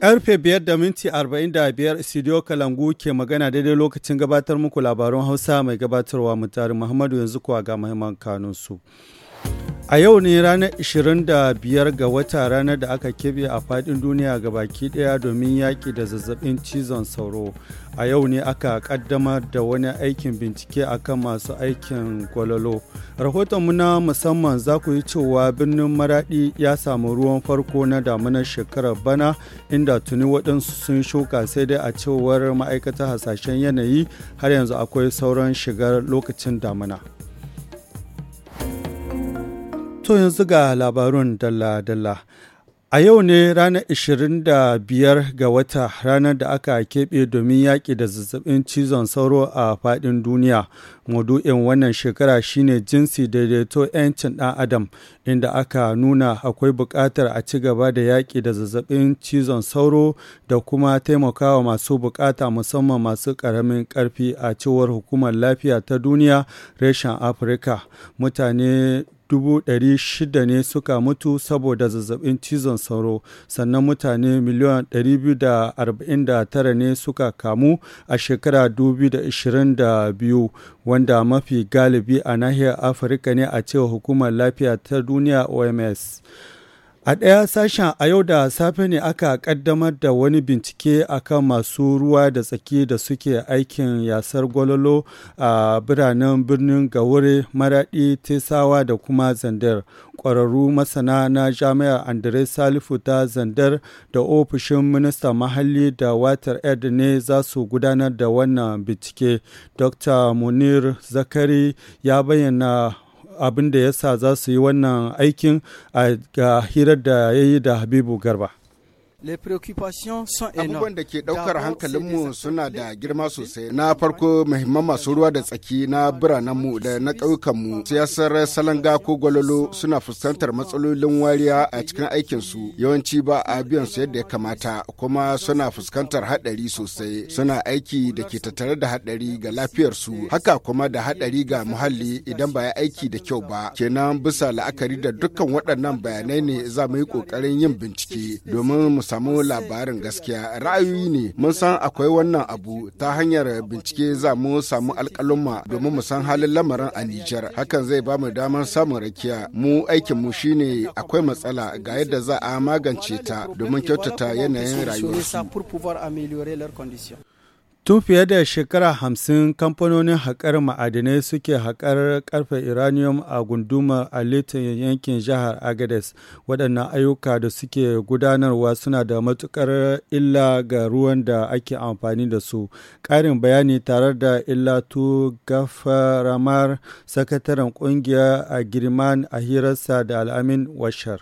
Karfe biyar da minti arba'in Studio Kalangu ke magana daidai lokacin gabatar muku labarun Hausa mai gabatarwa mutari Muhammadu yanzu kuwa ga mahimman kanunsu. A yau ne ranar 25 ga wata ranar da aka kebe a faɗin duniya ga baki ɗaya domin yaki da zazzabin cizon sauro. a yau ne aka kaddamar da wani aikin bincike akan masu aikin rahoton rahoton na musamman za ku yi cewa birnin maradi ya samu ruwan farko na damunar shekarar bana inda tuni waɗansu sun shuka sai dai a cewar ma'aikatar hasashen yanayi har yanzu akwai sauran shigar lokacin damuna. To yanzu ga labarun dalla-dalla. A yau ne ranar 25 ga wata ranar da aka keɓe domin yaƙi da zazzabin cizon sauro a faɗin duniya. Maudu'in wannan shekara shine jinsi daidaito 'yancin ɗan adam, inda aka nuna akwai buƙatar a ci gaba da yaƙi da zazzabin cizon sauro da kuma taimakawa masu buƙata musamman masu ƙaramin ƙarfi a cewar Hukumar Lafiya ta Duniya reshen Afirka. Mutane 600 ne suka mutu saboda zazzabin cizon sauro sannan mutane miliyan 249 ne suka kamu a shekara 2022 wanda mafi galibi a nahiyar afirka ne a cewa hukumar lafiya ta duniya oms A ɗaya sashen a yau da safe ne aka ƙaddamar da wani bincike akan masu ruwa da tsaki da suke aikin yasar gwalolo a biranen birnin Gawure, Maraɗi, Tesawa da kuma Zandar. Ƙwararru masana na jami'ar Andre Salifu ta Zandar da ofishin Minista mahalli da watar ed ne za su gudanar da wannan bincike. Dr. Munir Zakari ya bayyana abin da ya sa za su yi wannan aikin a hirar da ya yi da Habibu Garba. les préoccupations sont énormes. da ke daukar hankalinmu suna da girma sosai. Na farko muhimman masu ruwa da tsaki na biranenmu da na ƙauyukanmu siyasar salanga ko gwalolo suna fuskantar matsalolin wariya a cikin aikinsu yawanci ba a biyan su yadda ya kamata kuma suna fuskantar haɗari sosai suna aiki da ke tattare da haɗari ga lafiyarsu haka kuma da haɗari ga muhalli idan ba ya aiki da kyau ba kenan bisa la'akari da dukkan waɗannan bayanai ne za mu yi ƙoƙarin yin bincike domin mu samu labarin gaskiya ra'ayoyi ne mun san akwai wannan abu ta hanyar bincike za mu samu alƙalumma domin mu san halin lamarin a Nijar hakan zai ba mu damar samun rakiya mu aikin mu shine akwai matsala ga yadda za a magance ta domin kyautata yanayin su. Tun fiye da shekara hamsin kamfanonin haƙar ma'adinai suke haƙar ƙarfe uranium a gundumar litin yankin jihar Agades. Waɗannan ayyuka da suke gudanarwa suna da matuƙar illa ga ruwan da ake amfani da su. Ƙarin bayani tare da illa Illatu Gafaramar, sakataren ƙungiyar a Girman a hirarsa da Al'amin Washar.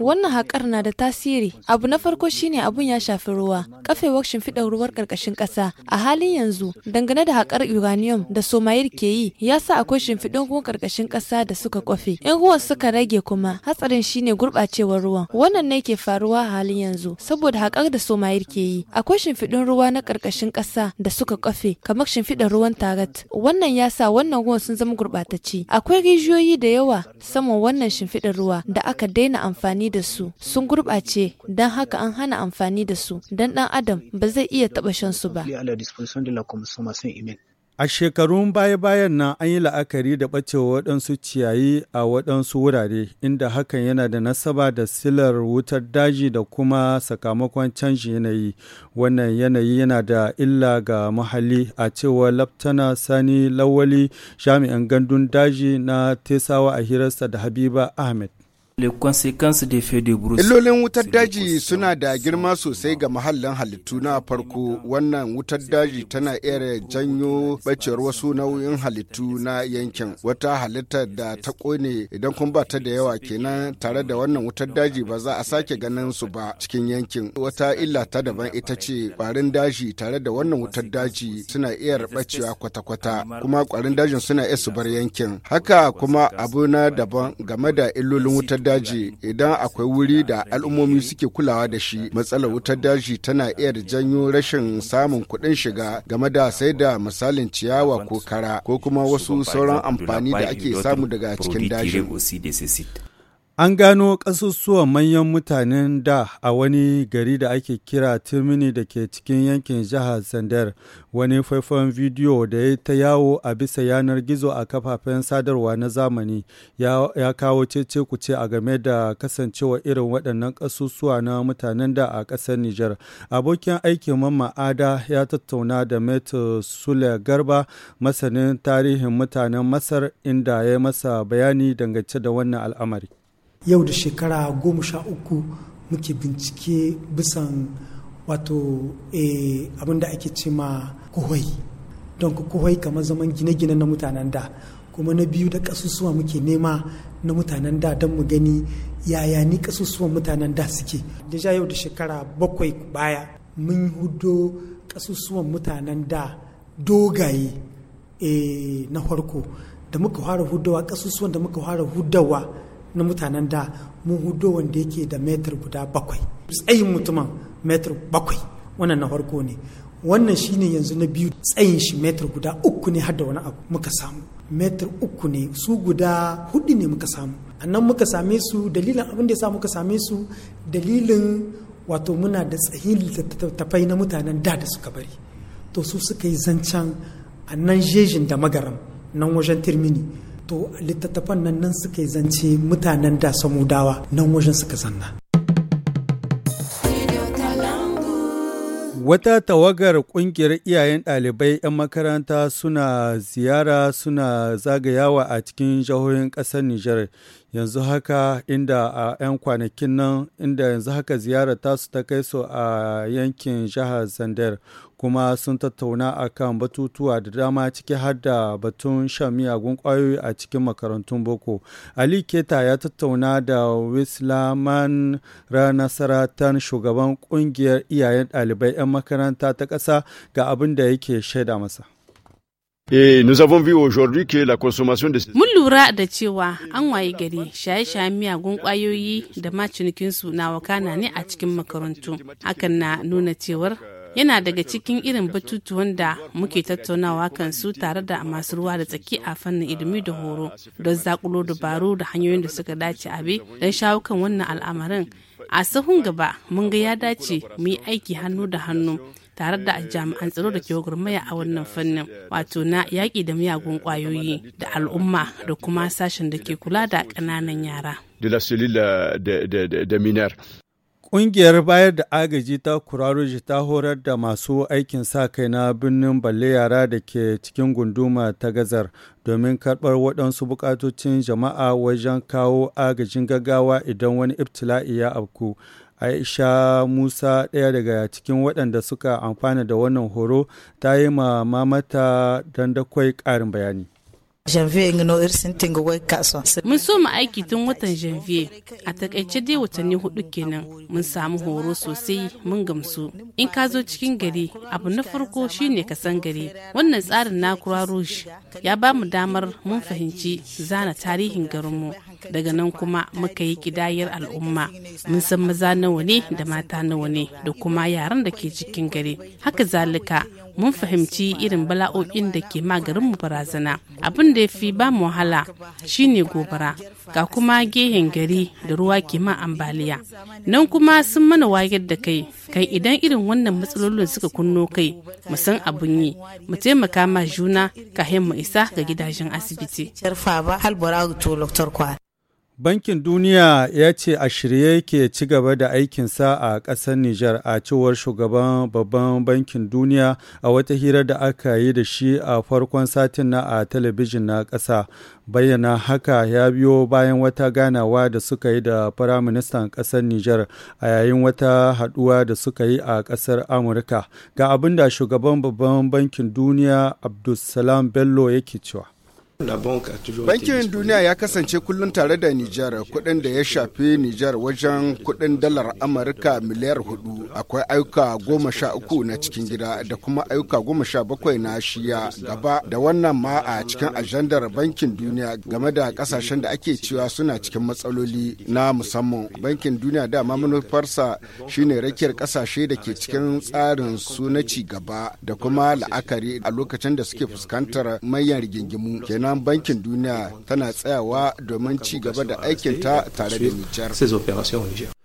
Wannan haƙar na da tasiri. Abu na farko shine abun ya shafi ruwa, kafewar shimfiɗar ruwar ƙarƙashin ƙasa. A halin yanzu, dangane da haƙar uranium da somayil ke yi, ya sa akwai shimfiɗin ruwan ƙarƙashin ƙasa da suka kwafe. In ruwan suka rage kuma, hatsarin shine gurɓacewar ruwan. Wannan ne ke faruwa a halin yanzu, saboda haƙar da somayil ke yi. Akwai shimfiɗin ruwa na ƙarƙashin ƙasa da suka kwafe, kamar shimfiɗar ruwan tarat. Wannan ya sa wannan ruwan sun zama gurɓatacce. Akwai rijiyoyi da yawa saman wannan shimfiɗar ruwa. ruwa da aka daina amfani da su sun gurɓace don haka an hana amfani da su don ɗan adam ba zai iya taɓa shan su ba. A shekarun baya-bayan nan an yi la'akari da ɓacewa waɗansu ciyayi a waɗansu wurare, inda hakan yana da nasaba da silar wutar daji da kuma sakamakon canji yanayi. Wannan yanayi yana da illa ga muhalli a cewa Laftana Sani Lawali, jami'an gandun daji na Tesawa a hirarsa da Habiba Ahmed. Illolin wutar daji suna da girma sosai ga mahallin halittu na farko wannan wutar daji tana iya janyo bacewar wasu nau'in halittu na yankin wata halitta da ta kone idan kun ba ta da yawa kenan tare da wannan wutar daji ba za a sake ganin su ba cikin yankin wata illa ta daban ita ce kwarin daji tare da wannan wutar daji suna iya bacewa kwata-kwata kuma kwarin dajin suna iya su bar yankin haka kuma abu na daban game da illolin wutar daji idan akwai wuri da al'ummomi suke kulawa da shi matsalar wutar daji tana iya janyo rashin samun kuɗin shiga game da sai da misalin ciyawa ko kara ko kuma wasu sauran amfani da ake samu daga cikin daji. An gano ƙasusuwan manyan mutanen da a wani gari da ake kira timini da ke cikin yankin jihar Zandar, wani faifan bidiyo da ya ta yawo a bisa yanar gizo a kafafen sadarwa na zamani ya, kawo cece kuce a game da kasancewa irin waɗannan ƙasusuwa na mutanen da a ƙasar Nijar. Abokin aikin Mamma Ada ya tattauna da Metu Sule Garba, masanin tarihin mutanen Masar, inda ya masa bayani dangance da wannan al'amari. yau da shekara goma sha uku muke bincike bisan wato e, abin da ake ce ma kuhai don kuhai kamar zaman gine-gine na mutanen da kuma na biyu da kasusuwa muke nema na mutanen da don mu gani yaya ni kasusuwan mutanen da suke deja yau da shekara bakwai baya mun hudo kasusuwan mutanen da dogaye e, na farko da muka fara hudawa kasusuwan da muka fara hudawa na mutanen da mun hudo wanda yake da metar guda bakwai tsayin mutumin metar bakwai wannan na farko ne wannan shine yanzu na biyu tsayin shi metar guda uku ne har da wani abu muka samu metar uku ne su guda hudu ne muka samu annan muka same su dalilin abin da ya sa muka same su dalilin wato muna da tsayin littattafai na mutanen da da suka bari to su suka yi zancen nan jejin da magaram nan wajen tirmini to littattafan nan nan suka yi zance mutanen da samudawa nan wajen suka zanna Wata tawagar ƙungiyar iyayen ɗalibai 'yan makaranta suna ziyara suna zagayawa a cikin jihohin ƙasar Nijar yanzu haka inda a 'yan kwanakin nan inda yanzu haka ziyara tasu ta kai su a yankin jihar Zandar kuma sun tattauna a kan batutuwa da dama ciki har da batun shan miyagun kwayoyi a cikin makarantun boko ali keta ya tattauna da wislaman ranasaratan shugaban kungiyar iyayen ɗalibai 'yan makaranta ta ƙasa ga abin da yake shaida masa eh, Mun lura da cewa an waye gari shaye-shayen miyagun kwayoyi da ma cinikinsu na wakana ne a cikin makarantu. Hakan na nuna cewar yana daga cikin irin batutuwan da muke tattaunawa kan su tare da masu ruwa da tsaki a fannin ilimi da horo don zakulo dabaru da hanyoyin da suka dace abe don shawo kan wannan al'amarin a sahun gaba mun ga ya dace mu yi aiki hannu da hannu tare da jami'an tsaro da ke gurmaya a wannan fannin wato na yaƙi da miyagun ƙwayoyi da al'umma da kuma sashen da ke kula da ƙananan yara. De euh, Ƙungiyar bayar da agaji ta Kuraruji ta horar da masu aikin sa-kai na birnin balle yara da ke cikin gunduma ta gazar domin karɓar waɗansu buƙatocin jama'a wajen kawo agajin gaggawa idan wani ibtila'i ya afku. Aisha Musa ɗaya daga cikin waɗanda suka amfana da wannan horo ta yi ma mamata dandakwai ƙarin bayani. janvier irsin wai mun so mu aiki tun watan janvier a takaice dai watanni hudu kenan mun samu horo sosai mun gamsu in ka zo cikin gari abu na farko shine ka san gari wannan tsarin na rouge ya ba mu damar mun fahimci zana tarihin garinmu daga nan kuma muka yi kidayar al'umma mun san maza nawa ne da mata nawa ne da kuma yaran da ke cikin gari haka zalika mun fahimci irin bala'o'in da ke magarinmu barazana abin da ya fi ba mu wahala shine gobara ga kuma gehen gari da ruwa ke ma ambaliya nan kuma sun mana wayar da kai kan idan irin wannan matsalolin suka kunno kai mu san abun yi mu taimaka ma juna ka mu isa ga gidajen asibiti Bankin Duniya ya ce a shirye ke ci gaba da aikinsa a ƙasar Nijar a cewar shugaban babban bankin duniya a wata hira da aka yi da shi a farkon satin na a talabijin na ƙasa. Bayyana haka ya biyo bayan wata ganawa da suka yi da firaministan ƙasar Nijar a yayin wata haɗuwa da suka yi a ƙasar Amurka. Ga abin da shugaban babban bankin duniya Abdulsalam Bello yake cewa. Bankin Duniya ya kasance kullum tare da Nijar kuɗin da ya shafi Nijar wajen kuɗin dalar Amurka miliyar hudu akwai ayyuka goma sha uku na cikin gida da kuma ayyuka goma sha bakwai na shiya gaba da wannan ma a cikin ajandar Bankin Duniya game da kasashen da ake cewa suna cikin matsaloli na musamman. Bankin Duniya da manufarsa shine rakiyar kasashe da ke cikin tsarin su ci gaba da kuma la'akari a lokacin da suke fuskantar manyan rigingimu kenan rundunar bankin duniya tana tsayawa domin ci gaba da aikinta tare da Nijar.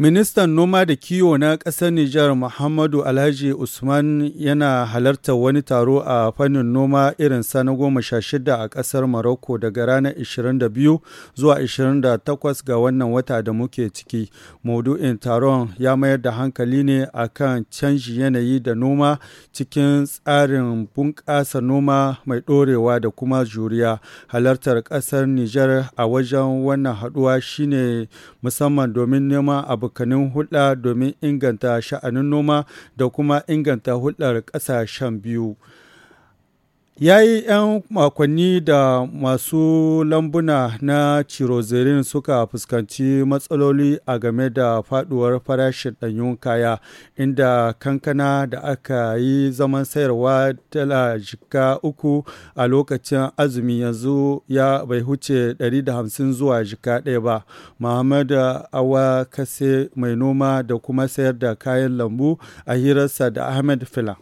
Ministan noma da kiwo na ƙasar Nijar Muhammadu Alhaji Usman yana halartar wani taro a fannin noma irin sa na goma sha shida a ƙasar maroko daga ranar 22 zuwa 28 ga wannan wata da muke ciki. Maudu'in taron ya mayar da hankali ne a kan canji yanayi da noma cikin tsarin bunƙasa noma mai ɗorewa da kuma juriya. Halartar ƙasar Nijar a wajen wannan haɗuwa shine musamman domin neman abu abokanin hulɗa domin inganta sha'anin noma da kuma inganta hulɗar ƙasashen biyu. ya yi 'yan makonni da masu lambuna na cirozerin suka fuskanci matsaloli a game da faduwar farashin ɗanyun kaya inda kankana da aka yi zaman sayarwa dala jika uku a lokacin azumi yanzu ya bai huce 150 zuwa jika ɗaya ba muhammadu awa kase mai noma da kuma sayar da kayan lambu a hirarsa da ahmed filan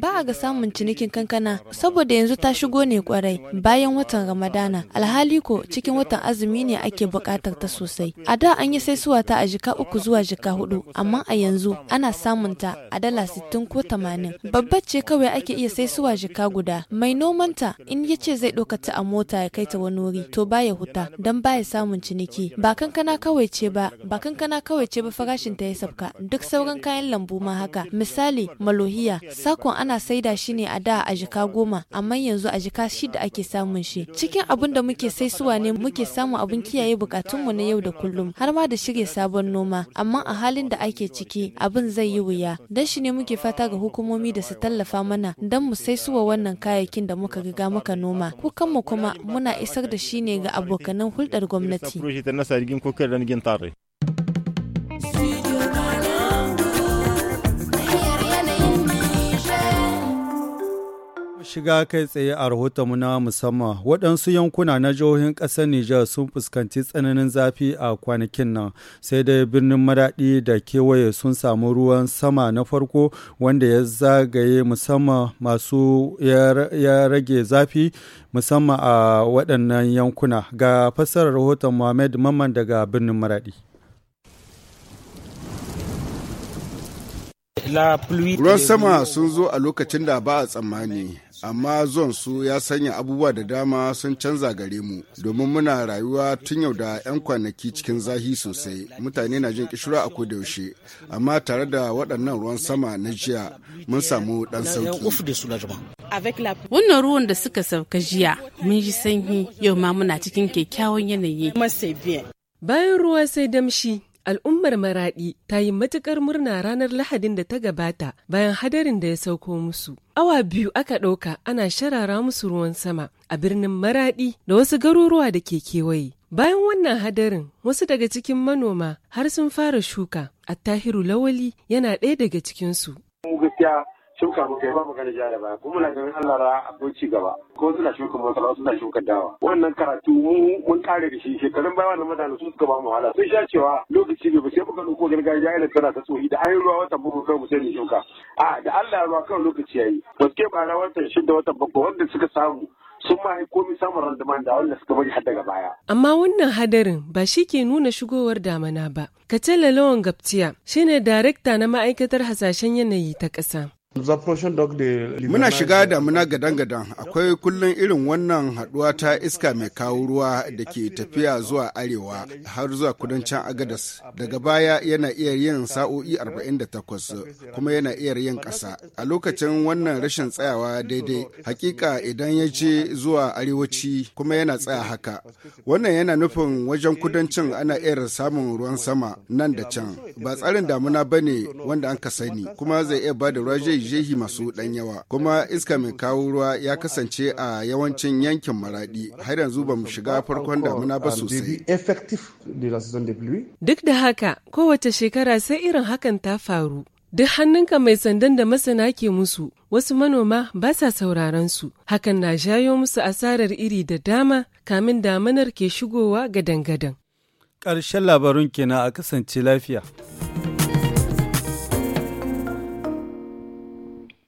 Ba ga samun cinikin kankana saboda yanzu ta shigo ne kwarai bayan watan Ramadana alhali ko cikin watan azumi ne ake bukatar ta sosai. A da an yi suwa ta a jika uku zuwa jika hudu amma a yanzu ana samun ta a dala sittin ko tamanin. Babbar ce kawai ake iya sai suwa jika guda. Mai noman ta in ya ce zai ɗauka ta a mota ya kai ta wani wuri to baya huta don baya samun ciniki. Ba kankana kawai ce ba ba kankana kawai ce ba farashin ta ya sabka duk sauran kayan lambu ma haka. Misali Misali, malohiya, sakon ana saida shi ne a da a jika goma, amma yanzu a jika shida ake samun shi. Cikin abin da muke saisuwa ne muke samun abin kiyaye bukatunmu na yau da kullum, har ma da shirya sabon noma, amma a halin da ake ciki abin zai yi wuya. Dan shi ne muke fata ga hukumomi da su tallafa mana dan mu saisuwa wannan kayayyakin da muka riga muka noma. kanmu kuma muna isar da shi ne ga abokanan hulɗar gwamnati. shiga kai tsaye a rahotonmu na musamman waɗansu yankuna na jihohin ƙasar Nijar sun fuskanci tsananin zafi a kwanakin nan sai dai birnin maraɗi da kewaye sun samu ruwan sama na farko wanda ya zagaye musamman masu ya rage zafi musamman a waɗannan yankuna ga fassarar rahoton Muhammad Mamman daga birnin maraɗi. Ruwan sama sun zo a lokacin da ba a tsammani. amma zon su ya sanya abubuwa da dama sun canza gare mu domin muna rayuwa tun yau da 'yan kwanaki cikin zahi sosai mutane na jin kishira a koda yaushe amma tare da waɗannan ruwan sama na jiya mun samu ɗan sauki wannan ruwan da suka sauka jiya mun ji sanyi yau ma muna cikin kyakkyawan yanayi bayan ruwa sai damshi Al'ummar Maraɗi ta yi matuƙar murna ranar Lahadin da ta gabata bayan hadarin da ya sauko musu. Awa biyu aka ɗauka ana sharara musu ruwan sama a birnin Maraɗi da wasu garuruwa da ke kewaye. Bayan wannan hadarin, wasu daga cikin manoma har sun fara shuka, a Tahiru lawali yana ɗaya daga cikinsu. shuka muka kai, ba magana ja da baya kuma na ganin Allah ra akwai ci gaba ko suna shuka masara suna shuka dawa wannan karatu mun kare da shi shekarun baya wannan madana su suka ba mu hala sun sha cewa lokaci ne ba sai muka ɗauko gargajiya irin tana ta tsohi da an ruwa wata bakwai kai mu sai mu shuka a da Allah ruwa kawai lokaci yayi ba su ke bara watan shida wata bakwai wanda suka samu sun ma mi samun randaman da wanda suka bari har daga baya. Amma wannan hadarin ba shi ke nuna shigowar damana ba. Kacella Lawan Gaptiya shine darekta na ma'aikatar hasashen yanayi ta ƙasa. Muna shiga damuna gadan-gadan akwai kullum irin wannan haɗuwa ta iska mai kawo ruwa da ke tafiya zuwa arewa har zuwa kudancin Agadas. Daga baya yana iya yin sa'o'i 48 kuma yana iya yin ƙasa. A lokacin wannan rashin tsayawa daidai, hakika idan ya je zuwa arewaci kuma yana tsaya haka. Wannan yana nufin wajen kudancin ana iya samun ruwan sama nan da can. Ba tsarin damuna ba ne wanda an ka sani kuma zai iya ba da jehi masu ɗan yawa kuma iska mai kawo ruwa ya kasance a yawancin yankin maradi har yanzu ba shiga farkon damuna ba sosai. Duk da haka kowace shekara sai irin hakan ta faru. Duk hannunka mai sandan da masana ke musu wasu manoma ba sa sauraron su hakan na jayo musu asarar iri da dama kamin damanar ke shigowa gadan-gadan. Ƙarshen labarun kenan a kasance lafiya.